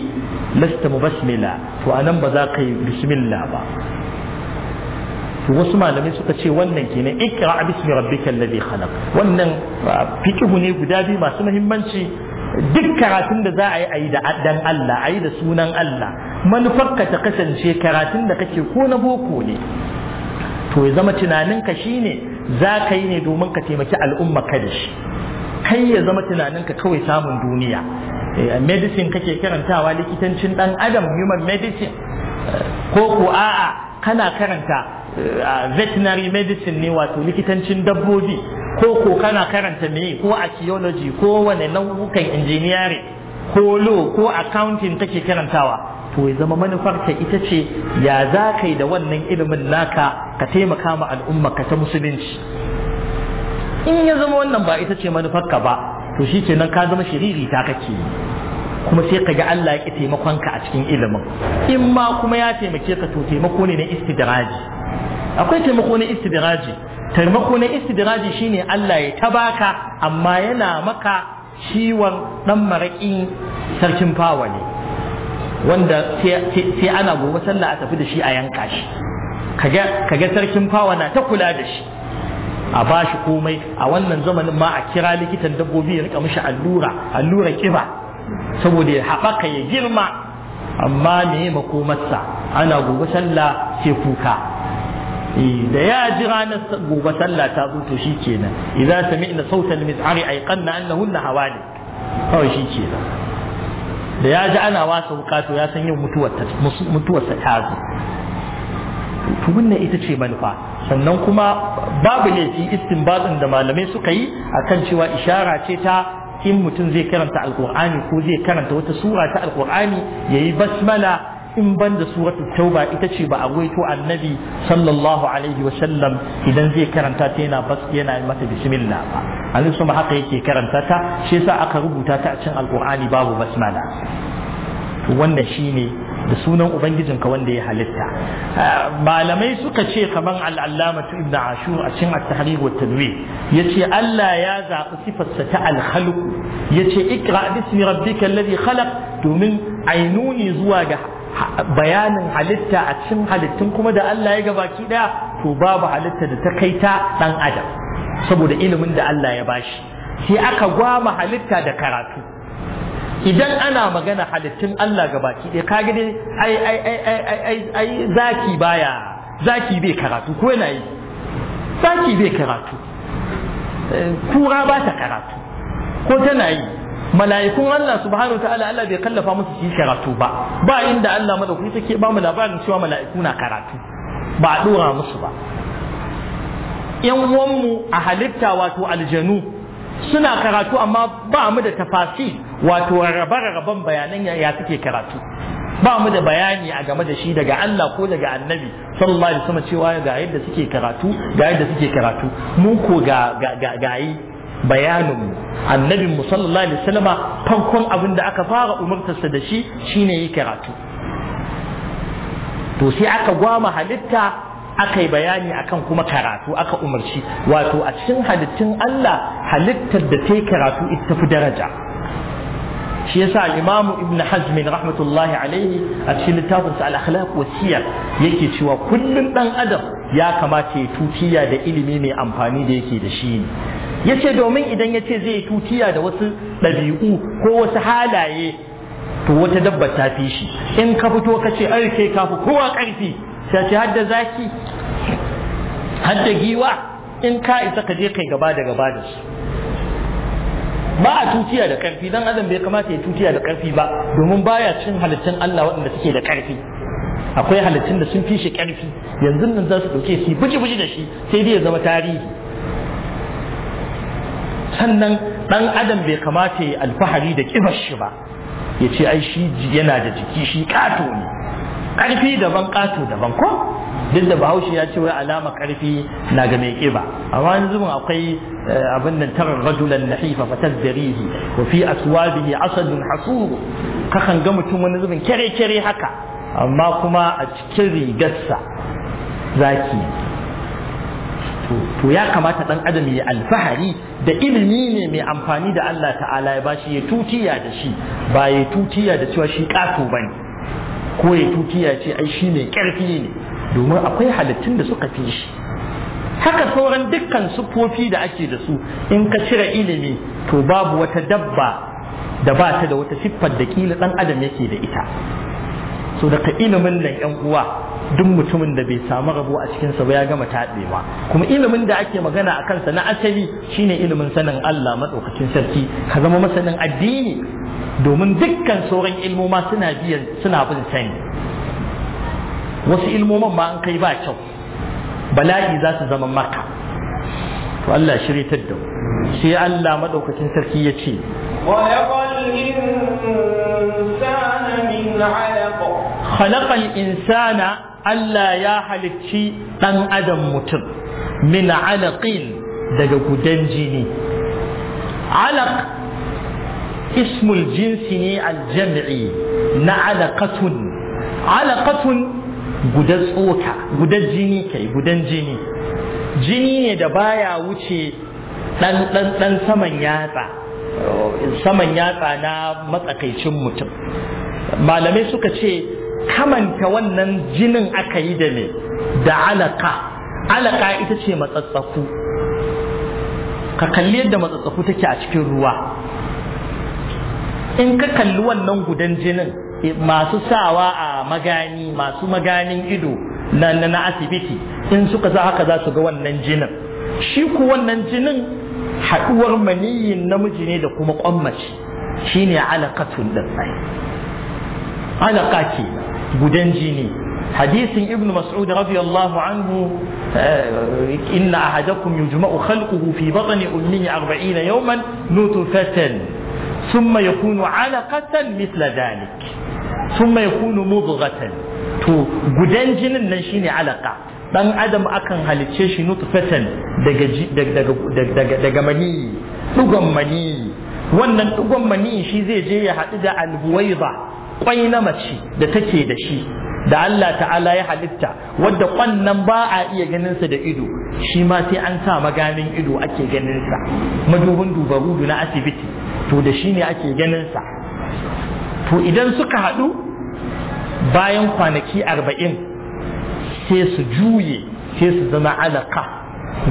lasta mubasmila to anan ba za ka yi ba wasu malamai suka ce wannan kenan ikra bismi rabbikal ladhi khalaq wannan ah, fiqhu ne guda biyu masu muhimmanci duk karatun da za a yi a yi da addan Allah a yi da sunan Allah manufarka ta kasance karatun da kake ko na boko ne to ya zama tunaninka shine za ka yi ne domin ka taimaki al'umma ka da shi kai ya zama tunaninka kawai samun duniya eh, medicine kake karantawa likitancin dan adam human medicine eh, ko ko a'a kana karanta eh, veterinary medicine ne wato likitancin dabbobi ko ko kana karanta me ko archaeology ko wane nau'ukan engineering ko law ko accounting take karantawa to ya zama manufar ta ita ce ya za ka yi da wannan ilimin naka ka taimaka ma al'umma ka ta musulunci in ya zama wannan ba ita ce manufar ka ba to shi kenan ka zama shiriri ta kake kuma sai ka ga Allah ya taimakon ka a cikin ilimin in ma kuma ya taimake ka to taimako ne na istidraji akwai taimako na istidraji taimako na istidraji shine Allah ya tabaka amma yana maka ciwon dan maraki sarkin fawa ne wanda sai ana gobe sallah a tafi da shi a yanka shi kaga sarkin fawa na ta kula da shi a bashi komai a wannan zamanin ma a kira likitan dabbobi ya rika mishi allura allura kiba saboda ya haɓaka ya girma amma me makomarsa ana gobe sallah sai kuka Eh, da ya ji ranar gobe sallah ta zo to shi kenan idza sami'na sautal miz'ari ayqanna hawa ne, kawai shi kenan da ya ji ana wasa wuka to ya san yau mutuwar ta ta zo to wannan ita ce manufa sannan kuma babu laifi istinbatin da malamai suka yi akan cewa ishara ce ta in mutum zai karanta alkur'ani ko zai karanta wata sura ta alqur'ani yayi basmala in ban da suratul tauba ita ce ba a waito annabi sallallahu alaihi wa sallam idan zai karanta ta yana bas yana mata bismillah ba annabi kuma haka yake karanta ta shi yasa aka rubuta ta a cikin alqur'ani babu basmala to wannan shine da sunan ubangijinka wanda ya halitta ah, malamai suka ce kamar al'amatu ibn ashur a cikin at-tahrir wa tanwir yace Allah ya zaɓi sifarsa ta al-khalq yace ikra bismi rabbika alladhi khalaq domin ainuni zuwa ga bayanin halitta a cikin halittun kuma da Allah ya gabaki daya to babu halitta da ta kai ta dan adam saboda ilimin da Allah ya bashi sai aka gwama halitta da karatu idan ana magana halittun Allah gabaki daya kaga dai ai ai ai ai ai zaki baya zaki bai karatu ko yana yi zaki bai karatu eh, kura ba ta karatu ko tana yi mala'ikun Allah subhanahu wa ta'ala Allah bai kallafa musu su yi karatu ba ba inda Allah madaukaki take ba mu labarin cewa mala'iku na karatu ba a dora musu ba yan uwanmu a halitta wato aljanu suna karatu amma ba mu da tafasi wato rabe-raben bayanan ya suke karatu ba mu da bayani a game da shi daga Allah ko daga annabi sallallahu alaihi wasallam cewa ga yadda suke karatu ga yadda suke karatu mu ko ga ga ga yi bayanin annabin mu sallallahu alaihi wasallama farkon abin da aka fara umartarsa da shi shine yi karatu to sai aka gwama halitta aka yi bayani akan kuma karatu aka umarci wato a cikin halittun Allah halittar da ta yi karatu ita fi daraja shi yasa al-Imam Ibn Hazm rahmatullahi alaihi a cikin littafin sa al-Akhlaq wasiya yake cewa kullum dan adam ya kamata ya tukiya da ilimi mai amfani da yake da shi ne ya ce domin idan ya ce zai tutiya da wasu ɗabi'u ko wasu halaye to wata dabba ta fi shi in ka fito ka ce ai kai kafi kowa ƙarfi sai ce hadda zaki hadda giwa in ka isa ka je kai gaba da gaba da su ba a tutiya da ƙarfi dan adam bai kamata ya tutiya da ƙarfi ba domin baya cin halittun Allah waɗanda suke da ƙarfi akwai halittun da sun fi shi ƙarfi yanzu nan za su ɗauke su buji buji da shi sai dai ya zama tarihi sannan ɗan adam bai kamata ya alfahari da ƙibar shi ba ya ce ai shi yana da jiki shi ƙato ne ƙarfi daban ƙato daban ko duk da bahaushe ya ce wai alama ƙarfi na ga mai ƙiba amma yanzu mun akwai eh, abin nan tarar rajulan nahifa fatazzarihi wa fi aswabihi asadun hasuru kakan ga mutum wani zubin kere kere haka amma kuma a cikin rigarsa zaki to ya kamata dan adam ya alfahari da ilimi ne mai amfani da Allah ta'ala ya bashi ya tutiya da shi ba ya tutiya da cewa shi kato bane ko ya tutiya ce ai shi mai karfi ne domin akwai halittun da suka fi shi haka sauran dukkan sufofi da ake da su in ka cire ilimi to babu wata dabba da ba ta da wata siffar da kila dan adam yake da ita so daga ilimin nan yan uwa duk mutumin da bai samu rabo a cikinsa ba ya gama taɗewa kuma ilimin da ake magana a kansa na asali shine ilimin sanin Allah maɗaukacin sarki ka zama masanin addini domin dukkan sauran ilmoma suna biyan suna bin sani wasu ilmoman ma an kai ba kyau bala'i za su zama maka to Allah shiryatar da sai Allah maɗaukacin sarki ya ce خلق الإنسان Allah ya halicci ɗan adam mutum min alaƙin daga gudan jini Alaƙ ismul jinsi ne aljami'i na alaƙatun. Alaƙatun gudan tsoka gudan jini kai gudan jini jini ne da baya wuce saman yatsa saman yatsa na matsakaicin mutum malamai suka ce kamanta wannan jinin aka yi da me da alaka alaka ita ce matsatsaku ka kalli yadda matsatsaku take a cikin ruwa in ka kalli wannan gudan jinin eh, masu sawa a magani masu maganin ido na na asibiti in suka za haka za su ga wannan jinin shi ku wannan jinin haɗuwar maniyin namiji ne da kuma ƙwammaci shine alaƙatun ɗin alaƙa kenan gudan jini hadisin ibnu mas'ud radiyallahu anhu eh, inna ahadakum yujma'u khalquhu fi batni ummihi 40 yawman nutfatan thumma yakunu 'alaqatan mithla dhalik thumma yakunu mudghatan to gudan jinin nan shine alaka dan adam akan halicce shi nutfatan daga daga daga mani dugon maniyi wannan dugon maniyi shi zai je ya haɗu da albuwaiba kwai na mace da take da shi da Allah ta'ala ya halitta wadda kwannan ba a iya ganinsa da ido shi ma sai an sa maganin ido ake ganinsa madubin dubarudu na asibiti to da shi ne ake ganinsa to idan suka haɗu bayan kwanaki arba'in sai su juye sai su zama alaka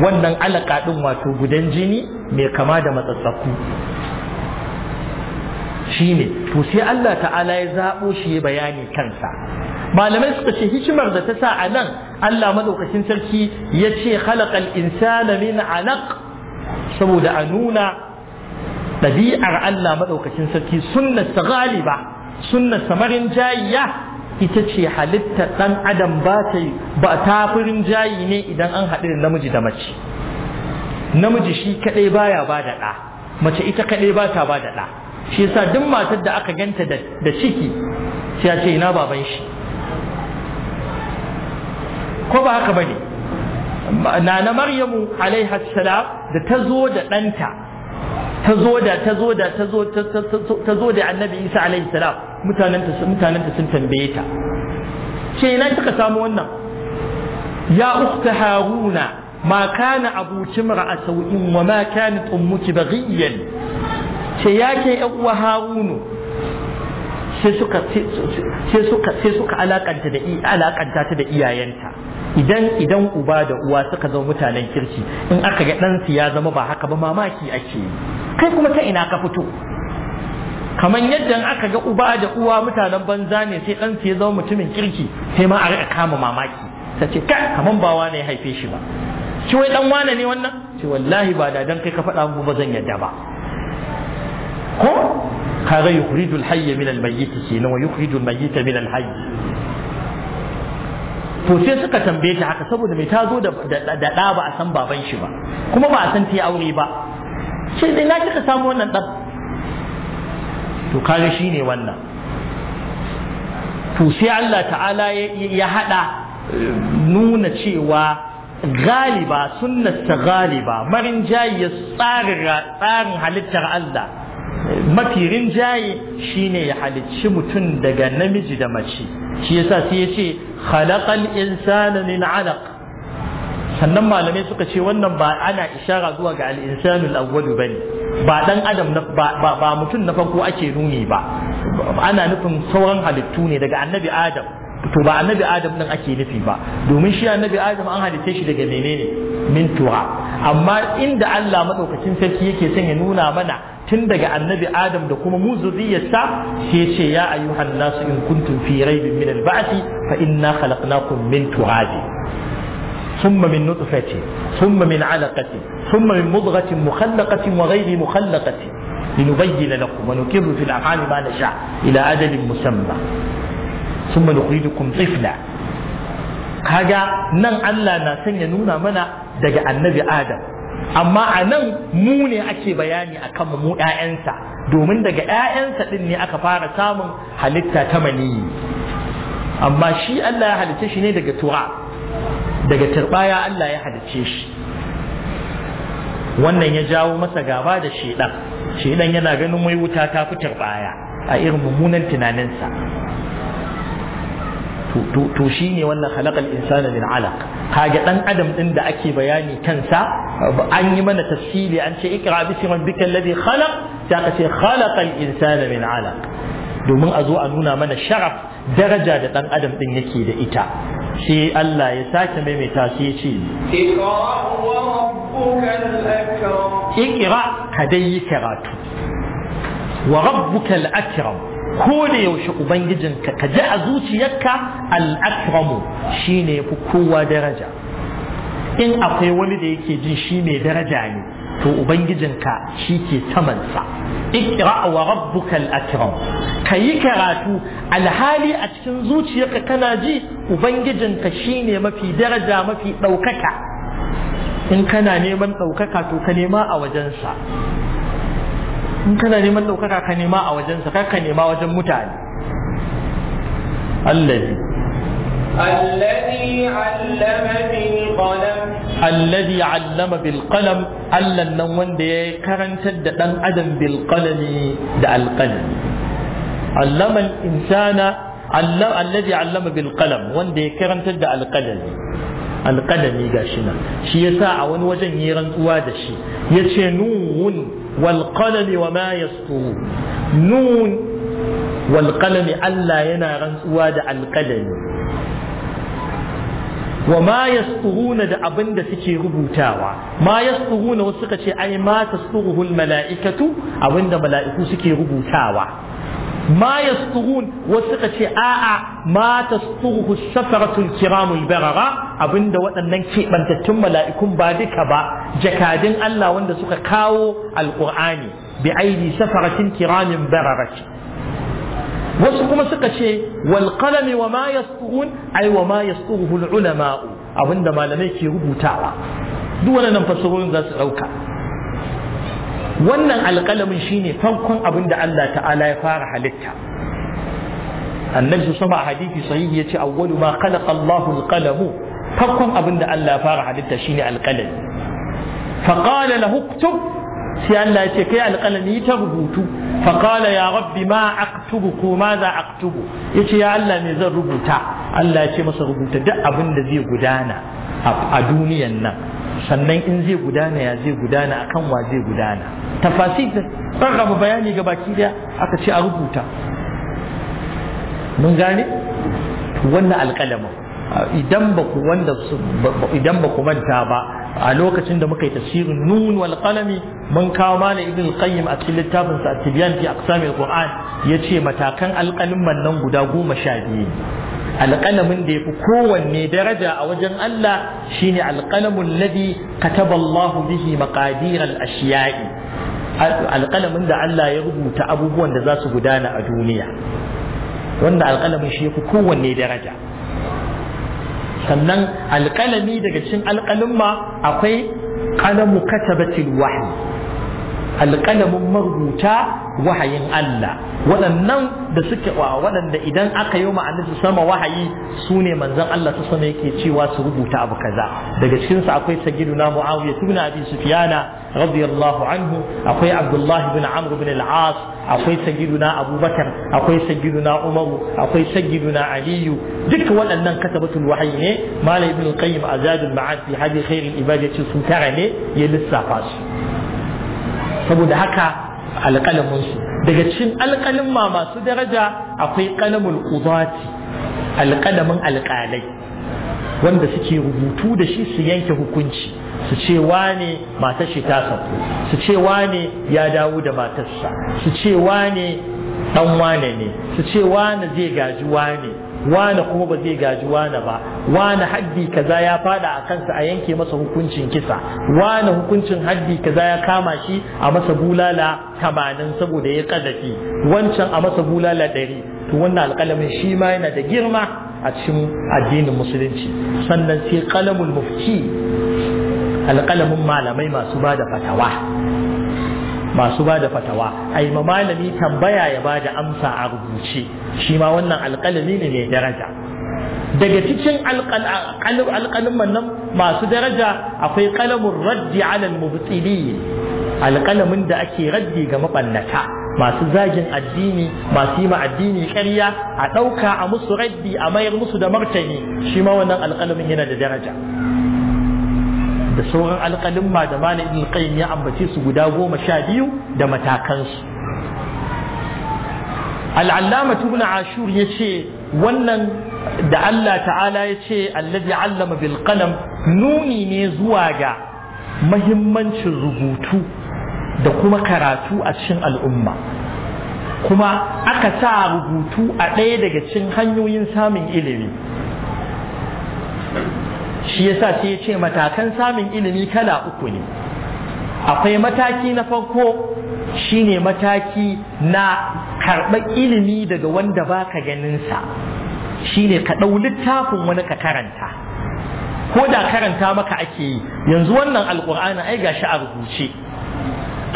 wannan alaka ɗin wato gudan jini mai kama da matsatsaku shine to sai Allah ta'ala ya zaɓo shi ya bayani kansa malamai suka ce hikimar da ta sa a nan Allah Maɗaukacin sarki ya ce khalaqal insana min alaq saboda a nuna ɗabi'ar Allah Maɗaukacin sarki sunnar ta galiba sunnar jayiya ita ce halittar ɗan adam ba ta ba jayi ne idan an haɗu da namiji da mace namiji shi kaɗai baya ba da ɗa mace ita kaɗai ba ta ba da ɗa shi yasa duk matar da aka ganta da ciki sai ya ce ina baban shi ko ba haka bane nana maryamu alaiha salam da ta zo da ɗanta ta zo da ta zo da ta zo ta zo da annabi isa alaihi salam mutanenta mutanenta sun tambaye ta ce ina kika samu wannan ya ukhta haruna ma kana abuki mar'a sau'in wa ma kanat ummuki baghiyan ce ya ke yan uwa harunu sai suka alakanta ta da iyayenta idan idan uba da uwa suka zama mutanen kirki in aka ga ɗansu ya zama ba haka ba mamaki ake yi kai kuma ta ina ka fito kamar yadda aka ga uba da uwa mutanen banza ne sai ɗansu ya zama mutumin kirki sai ma a riƙa kama mamaki ta ce kai kamar ba wane ya haife shi ba shi wai ɗan wane ne wannan ce wallahi ba da dan kai ka faɗa mu ba zan yadda ba kaga yukhrijul min al-mayyit kenan wa min al-hayy to sai suka tambaye ta haka saboda mai ta zo da da ba a san baban shi ba kuma ba a san ta aure ba sai dai na kika samu wannan dan to kaga shine wannan to sai Allah ta'ala ya hada nuna cewa galiba sunnasta galiba marin jayi tsarin halittar Allah mafi rinjaye shine ya halicci mutum daga namiji da mace shi yasa sai yace khalaqal insana min alaq sannan malamai suka ce wannan ba ana ishara zuwa ga al-insanul awwalu bane ba dan adam ba ba mutum na farko ake nuni ba ana nufin sauran halittu ne daga annabi adam to ba annabi adam nan ake nufi ba domin shi annabi adam an halitta shi daga menene min tura amma inda Allah madaukakin sarki yake son ya nuna mana tun daga annabi adam da kuma mu zuriyarsa sai ce ya ayyuhan nasu in kuntum fi raibin min al-ba'thi fa inna khalaqnakum min turab ثم من نطفة ثم من علقة ثم من مضغة مخلقة وغير مخلقة لنبين لكم ونكر في الأفعال ما نشاء إلى أجل مسمى summa nukhrijukum tifla kaga nan Allah na son ya nuna mana daga annabi Adam amma a nan mu ne ake bayani a kan mu ‘ya'yansa domin daga ‘ya'yansa ɗin ne aka fara samun halitta ta mani. amma shi Allah ya halitta shi ne daga tura daga turbaya Allah ya halitta shi wannan ya jawo masa gaba da shedan shedan yana ganin mai wuta ta fi turbaya a irin mummunan tunaninsa to shine wannan khalaqal insana min alaq kage dan adam din da ake bayani kansa an yi mana tafsili an ce ikra bi sirr bika alladhi khalaq ta ka ce khalaqal insana min alaq domin a zo a nuna mana sharaf daraja da dan adam din yake da ita shi Allah ya sake mai mai sai ya ce ikra ka dai yi karatu wa rabbukal akram ko da yaushe ubangijinka ka ji a zuciyarka al-akramu ya fi kowa daraja in akwai wani da yake jin shi mai daraja ne to ubangijinka shi ke samansa ikra wa rabbukal akram kayi karatu alhali a cikin zuciyarka kana ji ubangijinka shine mafi daraja mafi ɗaukaka in kana neman ɗaukaka to ka nema a wajensa in kana neman ɗaukaka ka nema a wajensa kar ka nema wajen mutane allazi الذي علم بالقلم الذي علم بالقلم allan nan wanda ya karantar da dan adam bil qalami da al qalami allama al insana allam alladhi allama bil qalam wanda ya karantar da al qalami al qalami gashi nan shi yasa a wani wajen yi rantsuwa da shi yace nuwun والقلم وما يسطرون نون والقلم ألا ينا رنسواد القلم وما يسطرون دا أبن دا سكي ربو ما يسطرون وسكة أي ما تسطره الملائكة أبن دا ملائكو سكي ربو ما يسطرون وسكة آآ ma tastuhu safaratul kiramul barara abinda waɗannan keɓantattun mala'ikun ba duka ba jakadin Allah wanda suka kawo alƙur'ani bi aidi safaratin kiramin barara. wasu kuma suka ce wal qalami wa ma yasturun ay wa ma al ulama abinda malamai ke rubutawa duk wannan fasarorin za su dauka wannan alƙalamin shine farkon abin da Allah ta'ala ya fara halitta annabi sama a hadisi sahihi yace awwalu ma khalaqa Allahu al-qalamu farkon abin da Allah ya fara halitta shine ne fa qala lahu uktub sai Allah ya ce kai yi ta rubutu fa qala ya rabbi ma aktubu ko ma za aktubu yace ya Allah me zan rubuta Allah ya ce masa rubuta duk abin da zai gudana a duniyan nan sannan in zai gudana ya zai gudana akan wa zai gudana tafasir sarrafa bayani ga baki daya aka ce a rubuta mun gane wannan alƙalamin idan ba ku wanda idan ba ku manta ba a lokacin da muka yi tafsirin nun wal qalami mun kawo mana ibn qayyim a cikin littafin sa tibyan fi al qur'an yace matakan alƙalamin nan guda goma sha biyu alƙalamin da ya fi kowanne daraja a wajen Allah shine alƙalamin ladi kataba Allah bihi maqadir al-ashiya'i alƙalamin da Allah ya rubuta abubuwan da za su gudana a duniya wanda alƙalamin shi yafi kowanne daraja sannan alƙalami daga cikin alƙalin ma akwai ƙalamu katabatil wahyi alƙalamin marubuta wahayin Allah waɗannan da suke wa waɗanda idan aka yi ma'anin su sama wahayi su ne manzon Allah su sama yake cewa su rubuta abu kaza daga cikin su akwai sagiduna Muawiya ibn Abi Sufyan radiyallahu anhu akwai Abdullahi ibn Amr ibn al-As akwai na abubakar akwai na umaru akwai na aliyu duk waɗannan kasabatul wahayi ne malam ibnu qayyim azadul ma'ad fi hadi khairil ibad yace su tara ne ya lissafa su saboda haka alƙalamin su daga cikin alƙalin ma masu daraja akwai qalamul qudati alƙalamin alƙalai wanda suke rubutu da shi su yanke hukunci su ce wane matar shi ta sauko su ce wane ya dawo da matarsa su ce wane dan wane ne su ce wane zai gaji wane wane kuma ba zai gaji wane ba wane haddi kaza ya fada a kansa a yanke masa hukuncin kisa wane hukuncin haddi kaza ya kama shi a masa bulala tamanin saboda ya kadafi wancan a masa bulala ɗari to wannan alƙalamin shi ma yana da girma a cikin addinin musulunci sannan sai kalamul mufti alƙalamin malamai masu ba da fatawa masu ba da fatawa a yi malami tambaya ya ba da amsa a rubuce shi ma wannan alƙalami ne mai daraja daga cikin alƙalamin nan masu daraja akwai ƙalamin raddi alal mubtili alƙalamin da ake raddi ga mabannata masu zagin addini masu yi ma addini ƙarya a ɗauka a musu raddi a mayar musu da martani shi ma wannan alƙalamin yana da daraja da sauran alƙalimma da malam ibn qayyim ya ambace su guda goma sha biyu da matakansu al'allama ibn ashur ya ce wannan da Allah ta'ala ya ce allazi allama bil qalam nuni ne zuwa ga mahimmancin rubutu da kuma karatu a cikin al'umma kuma aka sa rubutu a ɗaya daga cikin hanyoyin samun ilimi shi yasa sai ya ce matakan samun ilimi kala uku ne akwai mataki na farko shine mataki na karɓar ilimi daga wanda ba baka ganinsa shine ka ɗau littafin wani ka karanta ko da karanta maka ake yi yanzu wannan alƙur'ani ai gashi a rubuce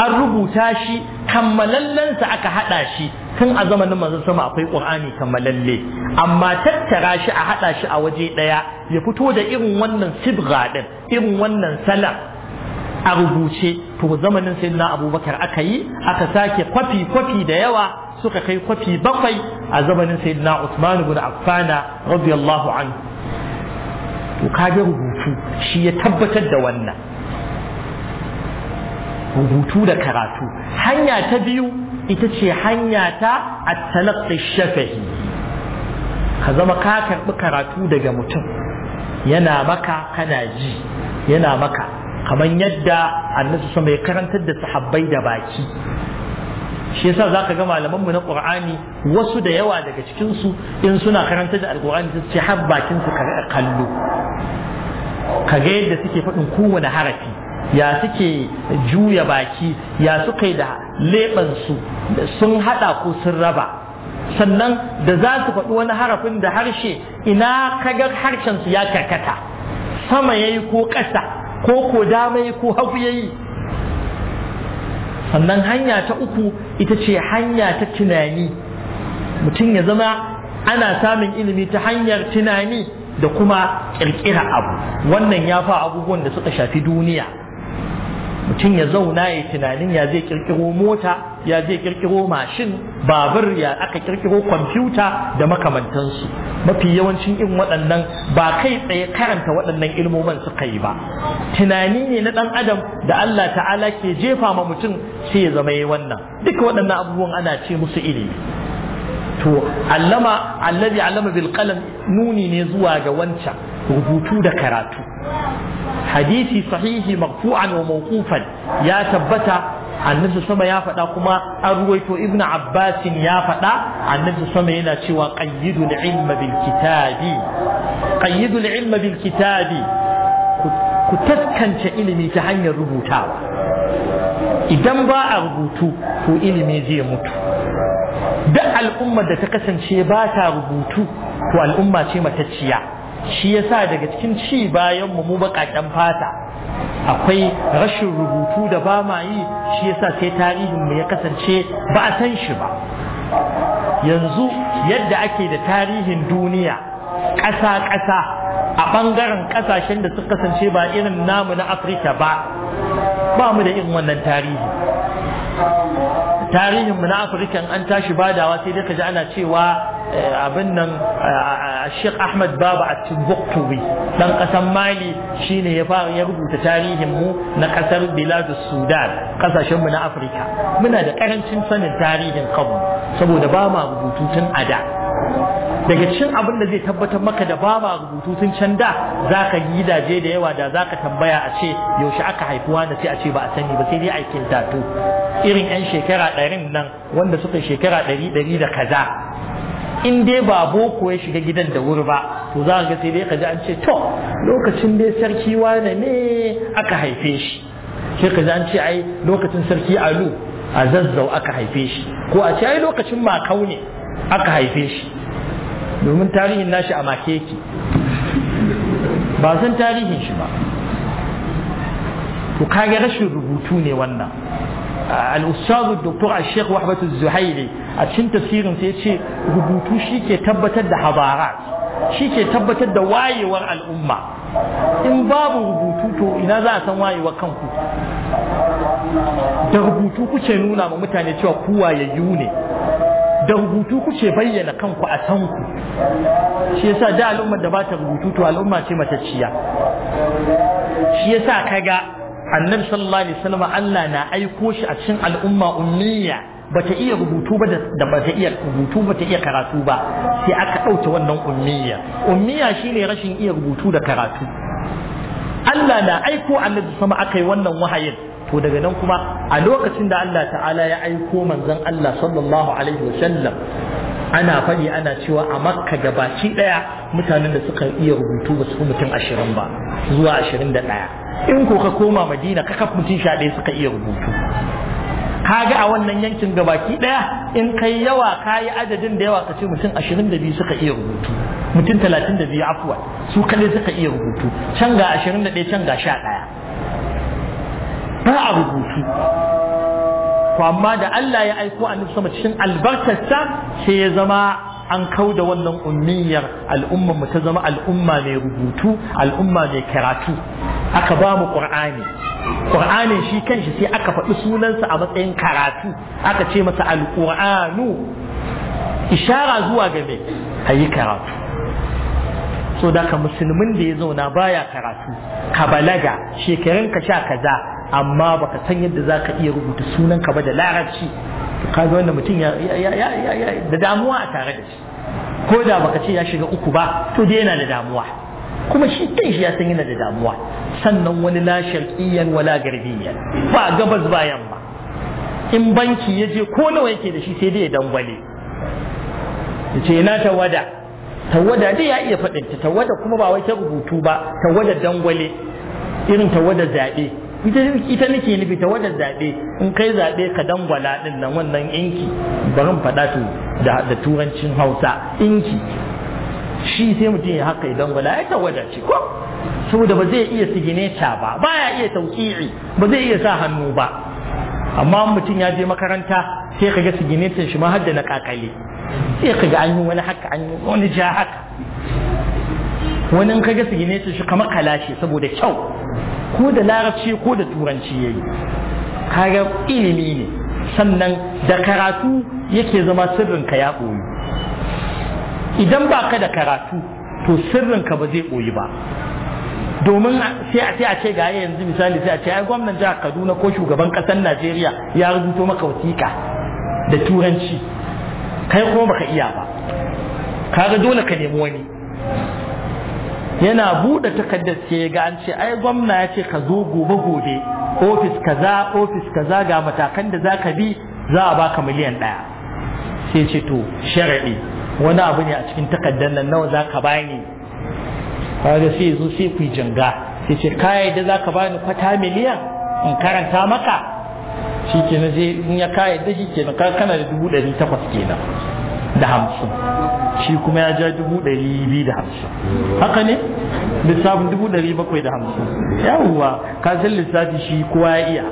an rubuta shi kammalallensa aka haɗa shi tun a zamanin manzon sama akwai qur'ani kamalalle amma tattara shi a hada shi a waje daya ya fito da irin wannan sibga din irin wannan sala a rubuce to zamanin sayyidina abubakar aka yi aka sake kwafi kwafi da yawa suka kai kwafi bakwai a zamanin sayyidina usman ibn affana radiyallahu anhu to rubutu shi ya tabbatar da wannan rubutu da karatu hanya ta biyu ita ce hanya ta a talakai ka zama ka karɓi karatu daga mutum yana maka kana ji yana maka kamar yadda annasu su mai karantar da sahabbai da baki shi yasa za ka ga malamanmu na Qur'ani wasu da yawa daga cikinsu. in suna karantar da Al-Qur'ani su ce har bakin su kallo ka ga yadda suke faɗin kowane harafi ya suke juya baki ya suka yi da su sun haɗa ko sun raba sannan da za su faɗi wani harafin da harshe ina kagar harshensu ya karkata sama yayi ko ƙasa ko ko dama ya ko hagu ya sannan hanya ta uku ita ce hanya ta tunani mutum ya zama ana samun ilimi ta hanyar tunani da kuma ƙirƙira abu wannan ya fa abubuwan da suka shafi duniya mutum ya zauna ya tunanin ya zai kirkiro mota ya zai kirkiro mashin babur ya aka kirkiro kwamfuta da makamantansu mafi yawancin in waɗannan ba kai tsaye karanta waɗannan ilmoman su kai ba tunani ne na ɗan adam da Allah ta'ala ke jefa ma mutum sai ya zama yi wannan duka waɗannan abubuwan ana ce musu ilimi to allama allazi allama bil qalam nuni ne zuwa ga wancan rubutu da karatu hadisi sahihi marfu'an wa mawqufan ya tabbata annabi sama ya faɗa kuma an ruwaito ibnu abbasin ya faɗa annabi sama yana cewa qayyidul ilma bil kitabi qayyidul ilma bil kitabi ku taskance ilimi ta hanyar rubutawa idan ba a rubutu ko ilimi zai mutu duk al'ummar da ta kasance ba ta rubutu ko al'umma ce matacciya shi yasa daga cikin ci bayan mu mu bakaken fata akwai rashin rubutu da ba ma yi shi yasa sai tarihin mu ya kasance ba a san shi ba yanzu yadda ake da tarihin duniya ƙasa ƙasa a ɓangaren ƙasashen da suka kasance ba irin namu na afirka ba ba mu da irin wannan tarihi tarihin mu na afirka an tashi badawa sai dai ka ji ana cewa Eh, abin nan eh, eh, Sheikh Ahmad Baba a Timbuktuwi dan kasan Mali shine ya fara ya rubuta tarihin mu na kasar Biladus Sudan kasashen mu na Afirka muna da karancin sanin tarihin kanmu saboda ba ma rubutu tun a da daga cikin abin da zai tabbatar maka da ba ma rubutu tun can da zaka gidaje da yawa da zaka tambaya a ce yaushe aka haifuwa da sai a ce ba a sani ba sai dai aikin tato irin yan shekara ɗarin nan wanda suka shekara ɗari ɗari da kaza in dai ba boko ya shiga gidan da wuri ba to za ga sai dai kaji an ce to lokacin dai sarki wane ne aka haife shi sai kaji an ce ai lokacin sarki alu a zazzau aka haife shi ko a ce ai lokacin makau ne aka haife shi domin tarihin nashi a make yake ba san tarihin shi ba to kage rashin rubutu ne wannan al'ustazu doktor ashek wahbatu zuhairi a cikin tafsirin ya ce rubutu shi ke tabbatar da habara shi ke tabbatar da wayewar al'umma in babu rubutu to ina za a san wayewar kanku da rubutu kuke nuna ma mutane cewa ku wayayyu wune? da rubutu kuke bayyana kanku a san ku shi yasa da al'ummar da ba ta rubutu to al'umma ce matacciya shi yasa kaga annabi sallallahu alaihi wasallam Allah na aiko shi a cikin al'umma ummiya ba ta iya rubutu ba da ta iya rubutu ta iya karatu ba sai aka ɗauke wannan ummiya ummiya shine rashin iya rubutu da karatu Allah na aiko annabi sama aka yi wannan wahayin to daga nan kuma a lokacin da Allah ta'ala ya aiko manzon Allah sallallahu alaihi wasallam ana faɗi ana cewa a makka gabaci ɗaya mutanen da suka iya rubutu ba su fi mutum ashirin ba zuwa ashirin da ɗaya in ko ka koma madina ka kafa mutum sha ɗaya suka iya rubutu kaga a wannan yankin gabaki ɗaya in kai yawa ka yi adadin da yawa ka ce mutum ashirin da biyu suka iya rubutu mutum talatin da biyu afuwa su kaɗai suka iya rubutu can ga ashirin da ɗaya can ga sha ɗaya ba a rubutu to amma da Allah ya aiko annabi sama cikin albarkarsa sai ya zama an kau da wannan ummiyar al'umma mu ta zama al'umma mai rubutu al'umma mai karatu aka ba mu qur'ani qur'anin shi kanshi sai aka faɗi sunansa a matsayin karatu aka ce masa alqur'anu ishara zuwa ga me ayi karatu so da ka musulmin da ya zauna baya karatu ka balaga shekarun ka sha kaza amma baka san yadda za ka iya rubuta sunan ka ba da larabci ka ga wanda mutum ya da damuwa a tare da shi ko da baka ce ya shiga uku ba to dai yana da damuwa kuma shi kan shi ya san yana da damuwa sannan wani la sharqiyyan wala garbiyan ba gabas ba in banki ya je ko nawa yake da shi sai dai ya dangwale ya ce tawada tawada dai ya iya faɗinta tawada kuma ba wai ta rubutu ba tawada dangwale irin tawada zaɓe ita nake nufi ta wajen zaɓe in kai zaɓe ka dangwala ɗin nan wannan inki barin faɗa tu da turancin hausa inki shi sai mutum ya haka idan gwala ya tawada ce ko saboda ba zai iya ta ba baya iya tauki'i ba zai iya sa hannu ba amma mutum ya je makaranta sai kaga ta shi ma har da na kakale sai kaga an yi wani haka an yi wani ja haka wani kaga ta shi kamar kalashi saboda kyau ko da larabci ko da turanci yayi kaga ilimi ne sannan da karatu yake zama sirrinka ya ɓoyi idan ba ka da karatu to sirrinka ba zai ɓoyi ba domin sai a ce ga yanzu misali sai a ce ai gwamnan jihar kaduna ko shugaban ƙasar najeriya ya rubuto maka wasiƙa da turanci kai kuma baka iya ba kaga dole ka nemi wani yana buɗe takardar sai ga an ce ai gwamna ya ce ka zo gobe gobe ofis kaza office kaza ga matakan da zaka bi za a baka miliyan ɗaya sai ce to sharadi wani abu ne a cikin takardar nan nawa za ka bani kaga sai zo sai ku janga sai ce kai da za bani kwata miliyan in karanta maka shi na je in ya kai da shi na kana da dubu ɗari takwas kenan da hamsin shi kuma ya ja dubu ɗari biyu da hamsin haka ne lissafin dubu ɗari bakwai da hamsin yawuwa ka san lissafi shi kowa ya iya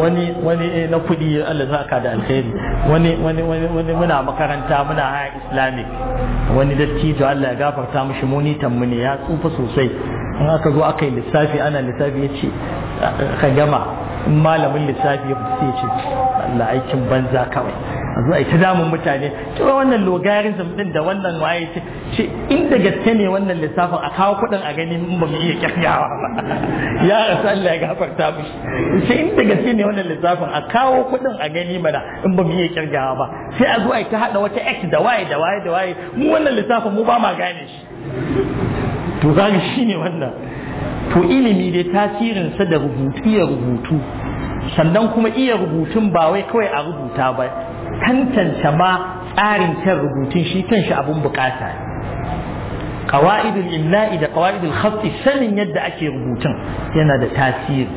wani wani eh, na kuɗi Allah za ka da alkhairi wani wani wani muna makaranta muna haya islamic wani dattijo Allah ya gafarta mishi muni mu ne ya tsufa sosai in aka zo aka yi lissafi ana lissafi ya ce ka gama malamin lissafi ya ce Allah aikin banza kawai a zuwa ita damun mutane cewa wannan logarithm din da wannan waye ce ce inda gaske ne wannan lissafin a kawo kuɗin a gani in ba mu iya kyafiyawa ba ya rasu Allah ya gafarta shi. ce inda gaske ne wannan lissafin a kawo kuɗin a gani mana in ba mu iya kyafiyawa ba sai a zuwa ita haɗa wata x da y da y da y mu wannan lissafin mu ba ma gane shi to shi ne wannan to ilimi dai tasirinsa da rubutu ya rubutu sannan kuma iya rubutun ba wai kawai a rubuta ba tantance ma tsarin kan rubutun shi shi abun bukata ne qawaidul imla'i da qawaidul khatt sanin yadda ake rubutun yana da tasiri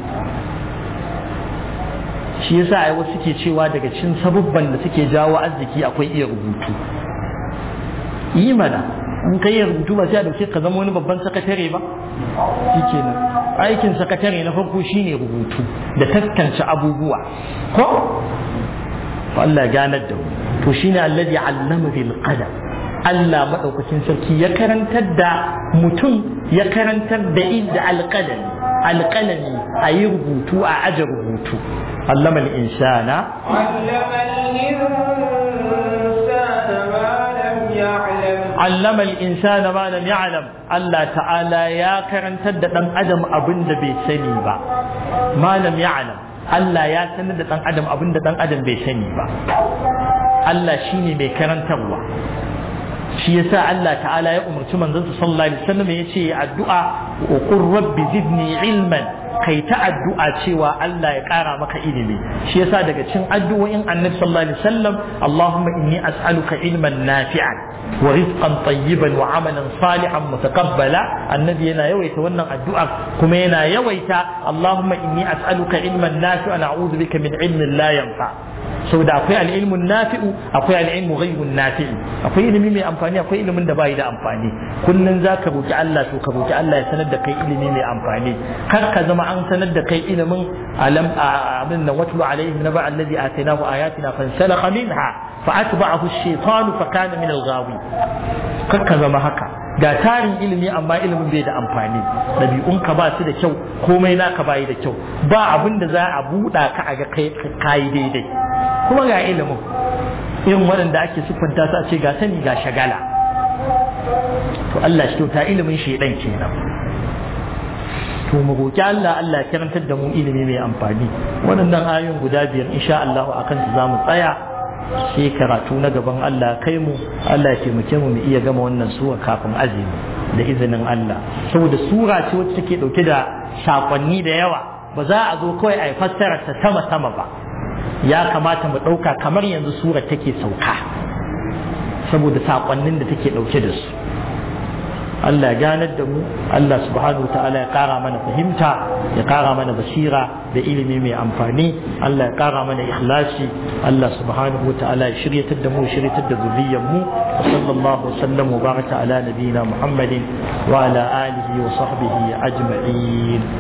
shi yasa ai wasu ke cewa daga cikin sabubban da suke jawo arziki akwai iya rubutu yi mana in kai iya rubutu ba sai a dauke ka zama wani babban sakatare ba shikenan aikin sakatare na farko shine rubutu da taskance abubuwa ko Allah ganar da to shine allazi allama bil qalam Allah madaukakin sarki ya karantar da mutum ya karantar da inda alqalami alqalami ayi rubutu a aje rubutu allama al insana allama al insana ma lam ya'lam allama al insana ma lam ya'lam Allah ta'ala ya karantar da dan adam abin bai sani ba ma lam ya'lam Allah ya sanar da ɗan adam abin da ɗan adam bai sani ba Allah shine mai karantarwa shi yasa Allah ta'ala ya umarci manzansa sallallahu alaihi wasallam ya ce addu'a wa qur rabbi zidni ilman kai ta addu'a cewa Allah ya ƙara maka ilimi shi yasa daga cin addu'o'in annabi sallallahu alaihi wasallam Allahumma inni as'aluka ilman nafi'an wa rizqan tayyiban wa amalan salihan mutaqabbala annabi yana yawaita wannan addu'a kuma yana yawaita Allahumma inni as'aluka ilman nafi'an a'udhu bika min ilmin la yanfa' da akwai al'ilmun nafi'u akwai al'ilmu ghaibun nafi'u akwai ilimi mai amfani akwai ilimin da bai da amfani kullun zaka roki Allah to ka roki Allah ya sanar da kai ilimi mai amfani kar ka zama an sanar da kai ilimin alam abin nan watlu alaihim naba allazi atainahu ayatina fansalakha minha fa atba'ahu ash-shaytanu fa kana min al-ghawi kar ka zama haka ga tarin ilimi amma ilimin bai da amfani ɗabi'un ka ba su da kyau komai naka bayi da kyau ba abin da za a buɗa ka a ga kai daidai kuma ga ilimin irin waɗanda ake siffanta su a ce ga sani ga shagala to Allah shi ta ilimin shedan kenan to mu roki Allah Allah karantar da mu ilimi mai amfani waɗannan ayoyin guda biyar insha Allah akan su zamu tsaya sai karatu na gaban Allah kai mu Allah ya taimake mu mu iya gama wannan sura kafin azumi da izinin Allah saboda sura ce wacce take dauke da sakonni da yawa ba za a zo kawai a yi fassara ta sama sama ba ya kamata mu dauka kamar yanzu sura take sauka saboda sakonnin da take dauke da su Allah ganar da mu Allah subhanahu ta'ala ya kara mana fahimta ya kara mana basira da ilimi mai amfani Allah ya kara mana ikhlasi Allah subhanahu ta'ala ya shiryatar da mu shiryatar da zuriyar mu sallallahu sallam wa baraka ala nabiyina Muhammadin wa ala alihi wa sahbihi ajma'in